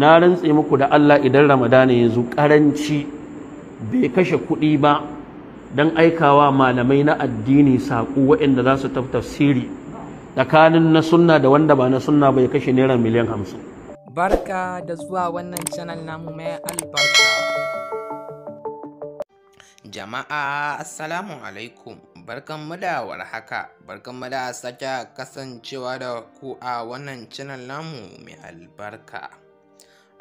na rantse muku da Allah idan ramadana ya zo karanci bai kashe kuɗi ba don aikawa malamai na addini saƙo waɗanda za su tafsiri tsakanin na sunna da wanda ba na sunna bai kashe naira miliyan hamsin barka da zuwa wannan channel namu mai albarka jama'a assalamu alaikum barkan mu da warhaka barkan sake kasancewa da ku a wannan channel namu mai albarka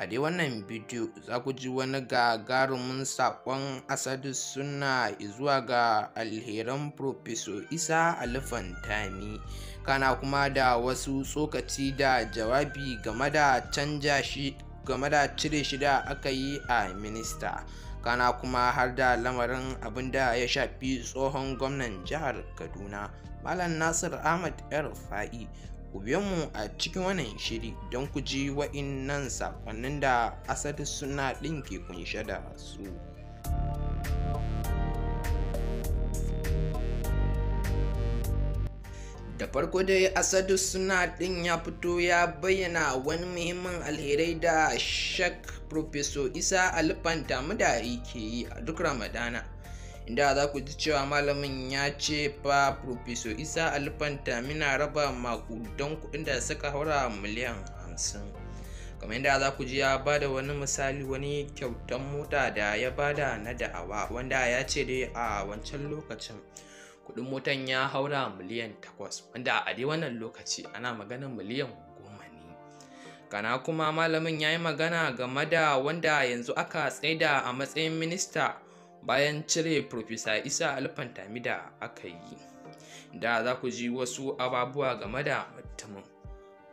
a dai wannan bidiyo za ku ji wani gagarumin saƙon asadu suna zuwa ga alheran profeso isa alifantami kana kuma da wasu tsokaci da jawabi game da canja shi game da cire shi da aka yi a minista kana kuma har da lamarin abin da ya shafi tsohon gwamnan jihar kaduna malam nasir ahmad el fa'i. ku biyo mu a cikin wannan shiri don ku ji wa'innan saƙonnin da asali suna ɗin ke kunshe da su da farko dai asadu suna ɗin ya fito ya bayyana wani muhimmin alherai da shak professor isa alfanta mudari ke yi a duk ramadana inda za ku ji cewa malamin ya ce fa Profeso Isa Alfanta mina raba makudan kuɗin da suka haura miliyan hamsin. kamar yadda za ku ji ya ba da wani misali wani kyautan mota da ya ba da na da'awa wanda ya ce dai a wancan lokacin kuɗin motan ya haura miliyan takwas wanda a dai wannan lokaci ana magana miliyan goma kana kuma malamin ya yi magana game da wanda yanzu aka tsaida a matsayin minista bayan cire Profesa Isa Alfantami da aka yi. Da za ku ji wasu ababuwa game da mutumin.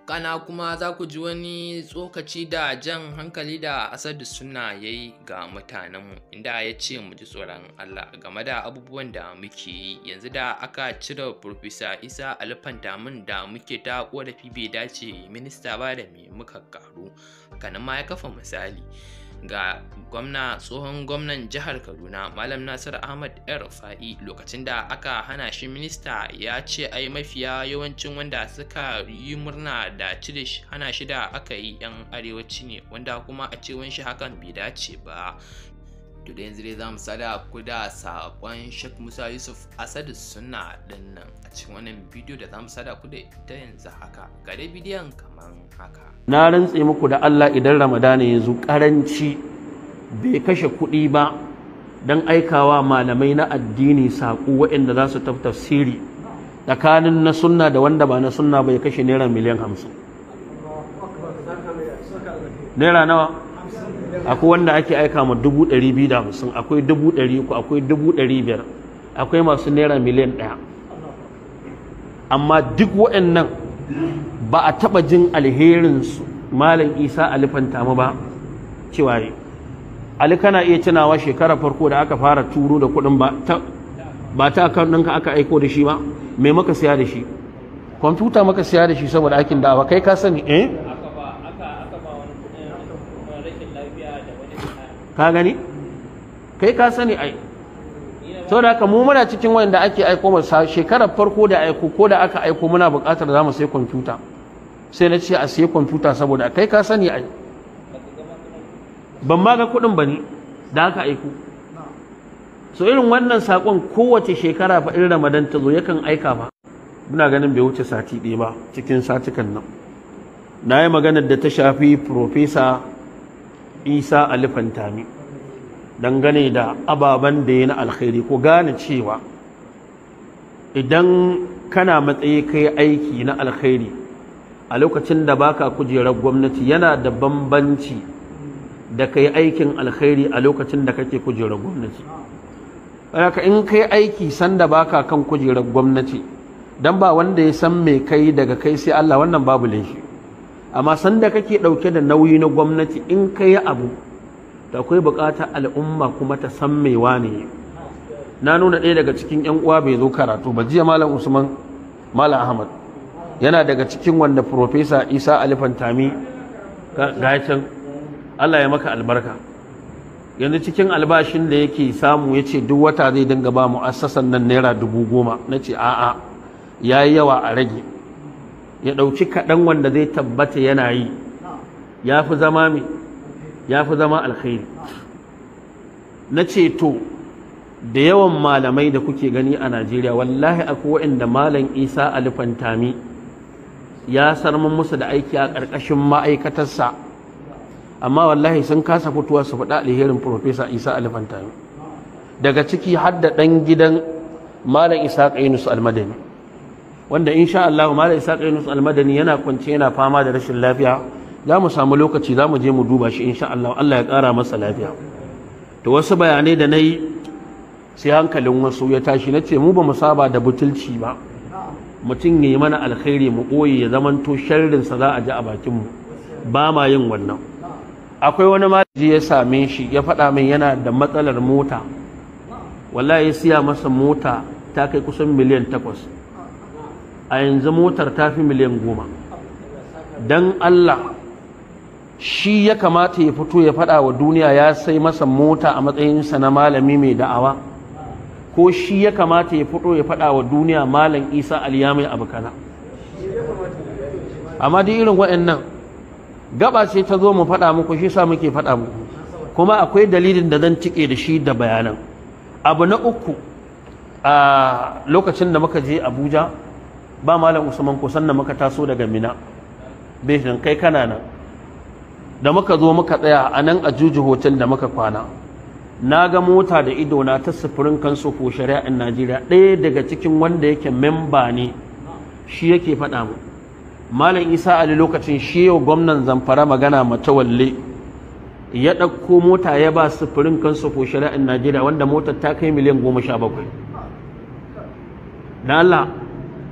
Kana kuma za ku ji wani tsokaci da jan hankali da Asadu suna ya yi ga mutanenmu inda ya ce mu ji tsoron Allah game da abubuwan da muke yi yanzu da aka cire Profesa Isa Alfantamin da muke ta korafi bai dace minista ba da me muka karu. Kanan ma ya kafa misali. ga gwamna tsohon gwamnan jihar kaduna malam nasir ahmad yar fa'i lokacin da aka hana shi minista ya ce ai mafiya yawancin wanda suka yi murna da cire hana shi da aka yi yan arewaci ne wanda kuma a cewan shi hakan bai dace ba to da yanzu dai za mu sada ku da saƙon Sheikh Musa Yusuf Asadu suna ɗin nan a cikin wannan bidiyo da za mu sada ku da ita yanzu haka ga dai bidiyon kamar haka. Na rantse muku da Allah idan Ramadana ya zo ƙaranci bai kashe kuɗi ba don aikawa malamai na addini saƙo waɗanda za su tafsiri tsakanin na sunna da wanda ba na sunna bai kashe naira miliyan hamsin. Naira nawa? akwai wanda ake aika ma dubu da akwai dubu akwai dubu akwai masu naira miliyan 1 amma duk waɗannan ba a taɓa jin alherinsu malam isa alifanta mu ba cewa ne ali kana iya tunawa shekara farko da aka fara turo da kuɗin ba ta ba ta kan ɗinka aka aiko da shi ba me maka siya da shi kwamfuta maka siya da shi saboda aikin dawa kai ka sani eh ka gani kai ka sani ai sau da haka mu muna cikin wanda ake aiko masa shekarar farko da aiko ko da aka aiko muna buƙatar zamu mu sai kwamfuta sai na ce a sai kwamfuta saboda kai ka sani ai ban ma ga kuɗin ba ne da aka aiko so irin wannan sakon kowace shekara fa irin ramadan ta zo yakan aika ba muna ganin bai wuce sati ɗaya ba cikin satukan nan na yi maganar da ta shafi profesa isa alifantami dangane da ababen da ya na alkhairi ku gane cewa idan kana matsayi kai aiki na alkhairi a lokacin da baka kujerar gwamnati yana da bambanci da kai aikin alkhairi a lokacin da kake kujerar gwamnati haka in kai aiki sanda baka kan kujerar gwamnati dan ba wanda ya san me kai daga kai sai Allah wannan babu laifi amma sanda kake ɗauke da nauyi na gwamnati in kai ya abu da akwai buƙatar al'umma kuma ta san mai wane na nuna ɗaya daga cikin 'yan uwa bai zo karatu ba jiya malam usman malam ahmad yana daga cikin wanda profesa isa alifantami can. allah ya maka albarka yanzu cikin albashin da yake samu ya ce duk wata zai dinga ba mu assasan nan naira dubu goma na ce a'a ya yi yawa a rage ya ɗauki kaɗan wanda zai tabbata yana yi ya fi zama mai ya fi zama alkhairi na ce to da yawan malamai da kuke gani a najeriya wallahi akwai waɗanda malam isa alifantami ya sarman musu da aiki a ƙarƙashin ma'aikatarsa amma wallahi sun kasa fitowa su faɗa alherin profesa isa alifantami daga ciki har da ɗan gidan malam isa ƙainus almadani wanda insha Allah Malam Isa Yunus Almadani yana kwance yana fama da rashin lafiya za mu samu lokaci za mu je mu duba shi insha Allah Allah ya ƙara masa lafiya to wasu bayanai da nayi sai hankalin wasu ya tashi na ce mu ba mu saba da butulci ba mutum ya yi mana alkhairi mu koyi ya zamanto sa za a ji a bakinmu ba ma yin wannan akwai wani malaji ya same shi ya faɗa min yana da matsalar mota wallahi ya siya masa mota ta kai kusan miliyan takwas a yanzu motar ta fi miliyan goma don Allah shi ya kamata ya fito ya faɗa wa duniya ya sai masa mota a matsayinsa na malami mai da'awa ko shi ya kamata ya fito ya faɗa wa duniya malam isa mai abu kaza amma duk irin waɗannan gaba ce ta zo mu faɗa muku shi sa muke faɗa muku kuma akwai dalilin da zan cike da shi da bayanan abu na uku a lokacin da muka je abuja ba malam usman ko sannan muka taso daga mina beshin kai kana nan da muka zo muka tsaya a nan a juji hotel da muka kwana na ga mota da ido na ta sufurin kansu ko shari'ar najeriya ɗaya daga cikin wanda yake memba ne shi yake faɗa mu malam isa ali lokacin shi yau gwamnan zamfara magana matawalle ya ɗauko mota ya ba sufurin kansu ko shari'ar najeriya wanda motar ta kai miliyan goma sha bakwai da allah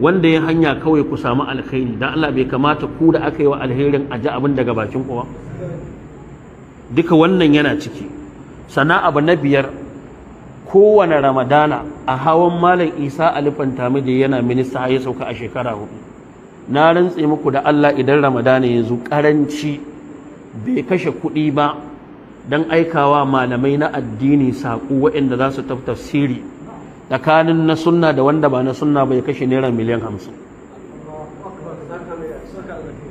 wanda ya hanya kawai ku samu alkhairi dan Allah bai kamata ku da aka yi wa alherin a abin daga bakin ku duka wannan yana ciki sana'a abu na biyar kowane ramadana a hawan malam isa alifan tamidi yana minista ya sauka a shekara hudu na rantse muku da Allah idan ramadana ya zo karanci bai kashe kuɗi ba don aikawa malamai na addini saƙo waɗanda za su tafsiri tsakanin na sunna da wanda ba na sunna bai kashe naira miliyan hamsin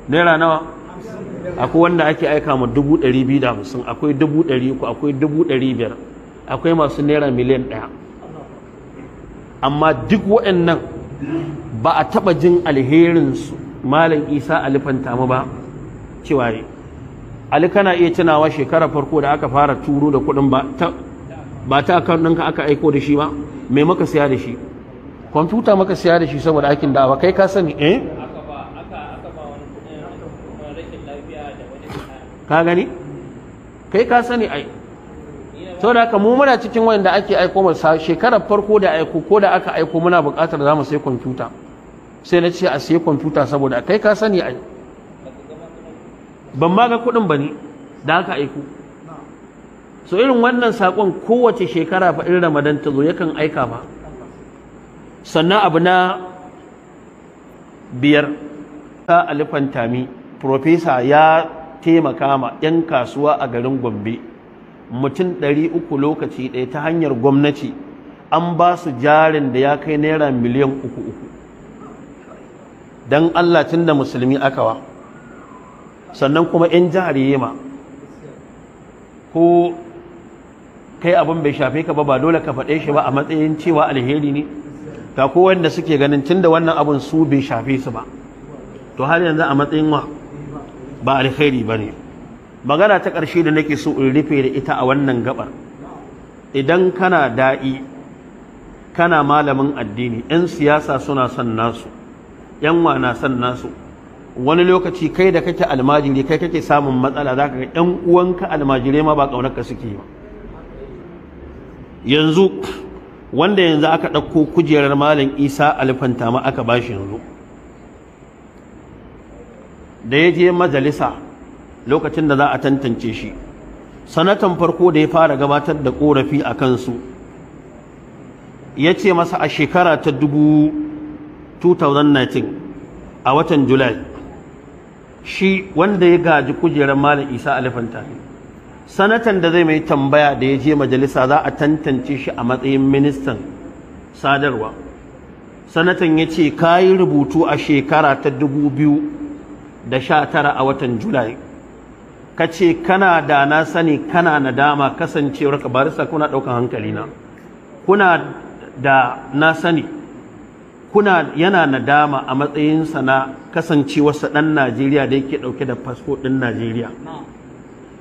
naira nawa akwai wanda ake aika ma dubu ɗari biyu da hamsin akwai dubu ɗari akwai dubu biyar akwai masu naira miliyan 1 amma duk waɗannan ba a taɓa jin alherinsu malam isa alifanta mu ba cewa ali alikana iya tunawa shekara farko da aka fara turo da kuɗin ba ba ta akan ɗinka aka aiko da shi ba me maka siya da shi kwamfuta maka siya da shi saboda aikin da ba kai ka sani eh ka gani kai ka sani ai da haka mu muna cikin wanda ake aiko masu shekarar farko da aiko ko da aka aiko muna buƙatar za mu sai kwamfuta sai na ce a sai kwamfuta saboda kai ka sani ai ban ma ga kuɗin ba ne da aka aiko so irin wannan sakon kowace shekara fa irin ramadan ta zo yakan aika ba sannan abu na biyar ta alifan tami profesa ya taimaka ma 'yan kasuwa a garin gombe mutum ɗari uku lokaci ɗaya ta hanyar gwamnati an ba su jarin da ya kai naira miliyan uku uku don allah tun da musulmi aka wa sannan kuma 'yan jihar yema ko kai abin bai shafe ka ba ba dole ka faɗe shi ba a matsayin cewa alheri ne ga ko wanda suke ganin tun da wannan abin su bai shafe su ba to har yanzu a matsayin wa ba alheri ba ne magana ta ƙarshe da nake so in rufe da ita a wannan gabar idan kana da'i kana malamin addini 'yan siyasa suna son nasu 'yan na son nasu wani lokaci kai da kake almajiri kai kake samun matsala zaka ga 'yan uwanka almajirai ma ba ka suke ba yanzu wanda yanzu aka ɗauko kujerar malam isa alifanta ma aka ba shi yanzu da ya je majalisa lokacin da za a tantance shi sanatan farko da ya fara gabatar da ƙorafi a kansu ya ce masa a shekara ta 2019 a watan julai shi wanda ya gaji kujerar malam isa alifanta ne sanatan da zai mai tambaya da ya je majalisa za a tantance shi a matsayin ministan sadarwa sanatan ya ce ka yi rubutu a shekara ta dubu biyu da a watan julai ka ce kana da na sani kana nadama kasancewar ka barista kuna ɗaukan hankali na kuna da na sani kuna yana nadama a matsayinsa na kasancewarsa ɗan najeriya da yake ɗauke da fasfo ɗin najeriya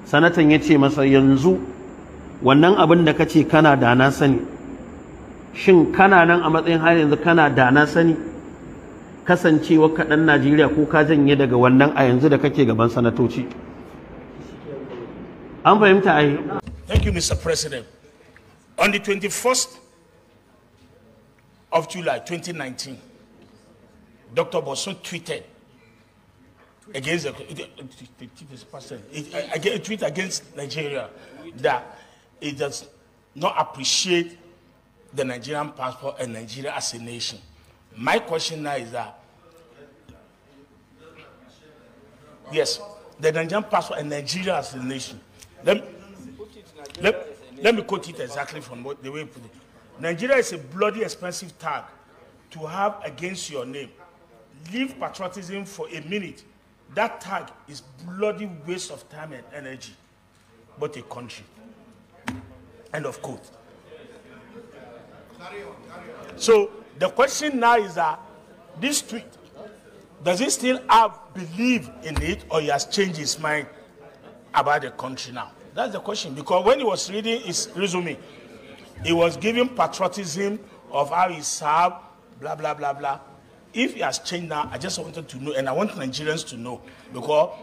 sanatan ya ce masa yanzu wannan abin da ka kana da na sani shin kana nan a matsayin har yanzu kana da na sani kasancewa kaɗan najeriya ko ka janye daga wannan a yanzu da kake gaban sanatoci an fahimta ai thank you mr president on the 21st of july 2019 dr boson tweeted against the, the, person, I, I tweet against Nigeria that it does not appreciate the Nigerian passport and Nigeria as a nation. My question now is that, yes, the Nigerian passport and Nigeria as a nation. Let, let, let me quote it exactly from what, the way you put it. Nigeria is a bloody expensive tag to have against your name. Leave patriotism for a minute that tag is bloody waste of time and energy, but a country. End of quote. So the question now is that this tweet, does he still have belief in it or he has changed his mind about the country now? That's the question. Because when he was reading his resume, he was giving patriotism of how he served, blah, blah, blah, blah if he has changed now, I just wanted to know, and I want Nigerians to know, because,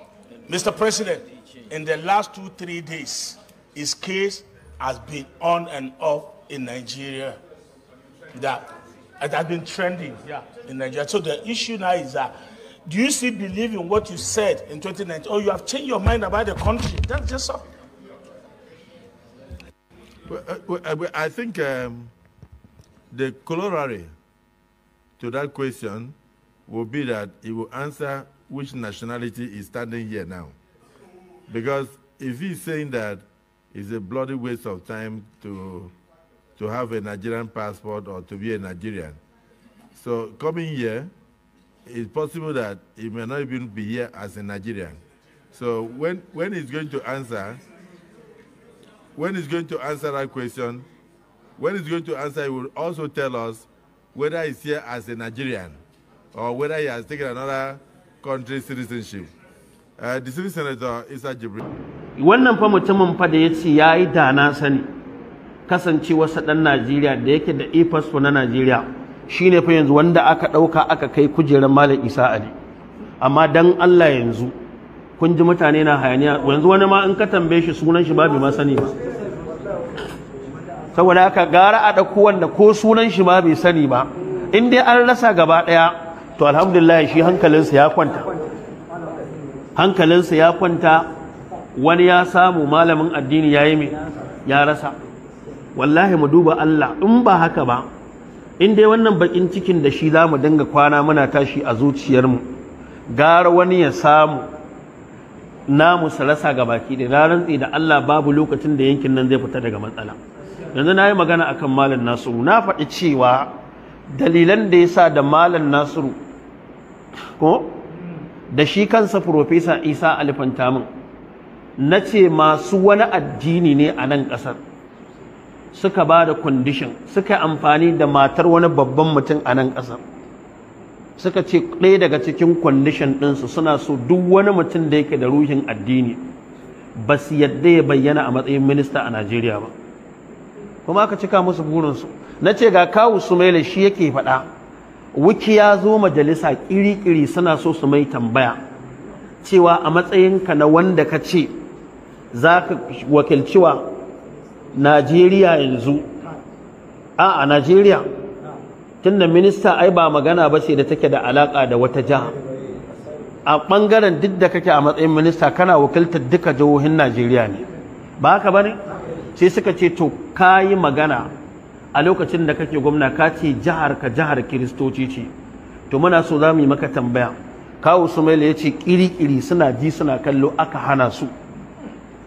Mr. President, in the last two, three days, his case has been on and off in Nigeria. That it has been trending yeah. in Nigeria. So the issue now is that do you still believe in what you said in 2019? Or you have changed your mind about the country? That's just so. Uh, well, I think um, the corollary to that question will be that he will answer which nationality is standing here now. Because if he's saying that it's a bloody waste of time to, to have a Nigerian passport or to be a Nigerian. So coming here, it's possible that he may not even be here as a Nigerian. So when, when he's going to answer, when he's going to answer that question, when he's going to answer, he will also tell us whether he's here as a Nigerian or whether he has taken another country citizenship. Uh, the civil senator is a Jibril. Wannan fa mutumin fa da ya ce ya yi da na sani kasancewarsa ɗan Najeriya da yake da e-passport na Najeriya shine fa yanzu wanda aka ɗauka aka kai kujerar Malam Isa Ali. Amma dan Allah yanzu kun ji mutane na hayaniya yanzu wani ma in ka tambaye shi sunan shi babu ma sani ba. saboda haka gara a ɗauko wanda ko sunan shi ma bai sani ba in dai an rasa gaba ɗaya to alhamdulillah shi hankalinsa ya kwanta hankalinsa ya kwanta wani ya samu malamin addini ya yi mai ya rasa wallahi mu duba Allah in ba haka ba in dai wannan bakin cikin da shi za mu dinga kwana muna tashi a zuciyar mu gara wani ya samu namu su rasa gabaki da rarantsi da Allah babu lokacin da yankin nan zai fita daga matsala yanzu na yi magana a kan malam nasiru na faɗi cewa dalilan da ya sa da malam nasiru ko da shi kansa profesa isa alifantamin na ce masu wani addini ne a nan ƙasar suka ba da kwandishin suka yi amfani da matar wani babban mutum a nan ƙasar suka ce ɗaya daga cikin kwandishin ɗinsu suna so duk wani mutum da yake da ruhin addini ba su yadda ya bayyana a matsayin minista a najeriya ba kuma aka cika musu burinsu na ce ga kawu maila shi yake faɗa wuki ya zo majalisa ƙiri-ƙiri suna so su mai tambaya cewa a matsayinka na wanda ka ce za ka wakilciwa najeriya yanzu a a najeriya tunda minista ai ba magana ba sai da take da alaƙa da wata jiha a ɓangaren duk da kake a matsayin minista kana wakiltar duka jihohin najeriya ne ba haka ba ne sai suka ce to kayi magana a lokacin da kake gwamna ka ce jihar ka jihar kiristoci ce to muna so za mu yi maka tambaya kawo sumaila ya ce kiri-kiri suna ji suna kallo aka hana su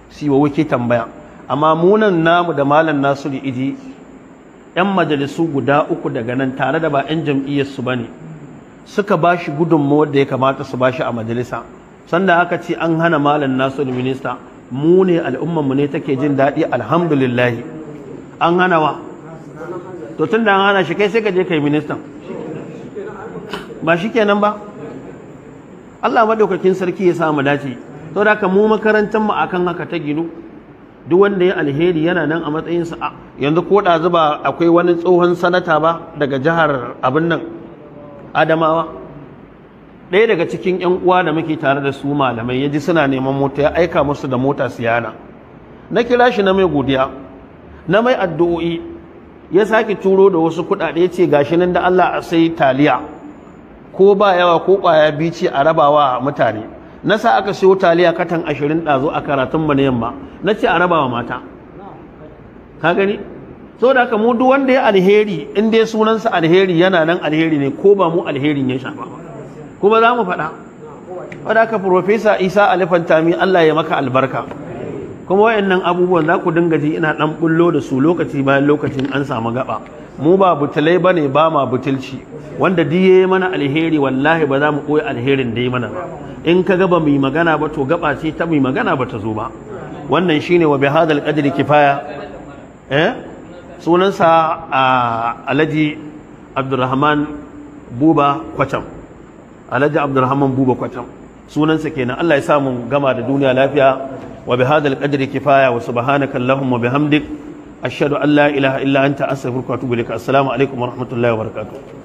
si wa wuke tambaya amma munan namu da malam da iji yan majalisu guda uku daga nan tare da ba yan jam'iyyarsu ba ne suka ba shi gudunmawar da ya kamata su ba shi a majalisa sanda aka ce an hana malam da minista mu ne al'ummar mu ne take jin daɗi alhamdulillah an hana wa to tun da an hana shi kai sai ka je kai ministan ba shi kenan ba Allah maɗaukakin sarki ya samu dace to da ka mu makarantar mu akan haka ta ginu duk wanda ya alheri yana nan a matsayin sa yanzu ko da zuba akwai wani tsohon sanata ba daga jihar abin nan adamawa ɗaya daga cikin 'yan uwa da muke tare da su malamai ya ji suna neman mota ya aika musu da mota siyana na kira shi na mai godiya na mai addu'o'i ya sake turo da wasu kuɗaɗe ce gashi nan da Allah a sai taliya ko ba yawa ko ƙwaya bici a rabawa mutane na sa aka siyo taliya katan ashirin ɗazu a karatun mu na yamma na ce a rabawa mata ka gani So haka mu duk wanda ya alheri in dai sunansa alheri yana nan alheri ne ko ba mu alherin ya shafa ba kuma za mu faɗa wadda aka profesa isa alifantami allah ya maka albarka kuma wayannan abubuwan za ku dinga ji ina ɗan bullo da su lokaci bayan lokacin an samu gaba mu ba butulai ba ne ba ma butulci wanda diye mana alheri wallahi ba za mu koyi alherin da mana ba in ka gaba mai magana ba to gaba ce ta mai magana ba ta zo ba wannan shine wa hadal qadri kifaya eh sunansa ah, alhaji abdurrahman buba kwacham alhaji abdurrahman buba kwatam sunansa kenan Allah ya samu gama da duniya lafiya wa bihadal qadri kifaya wa subhanaka allahumma bihamdik ashhadu an la ilaha illa anta astaghfiruka wa atubu ilaik assalamu alaikum wa rahmatullahi wa barakatuh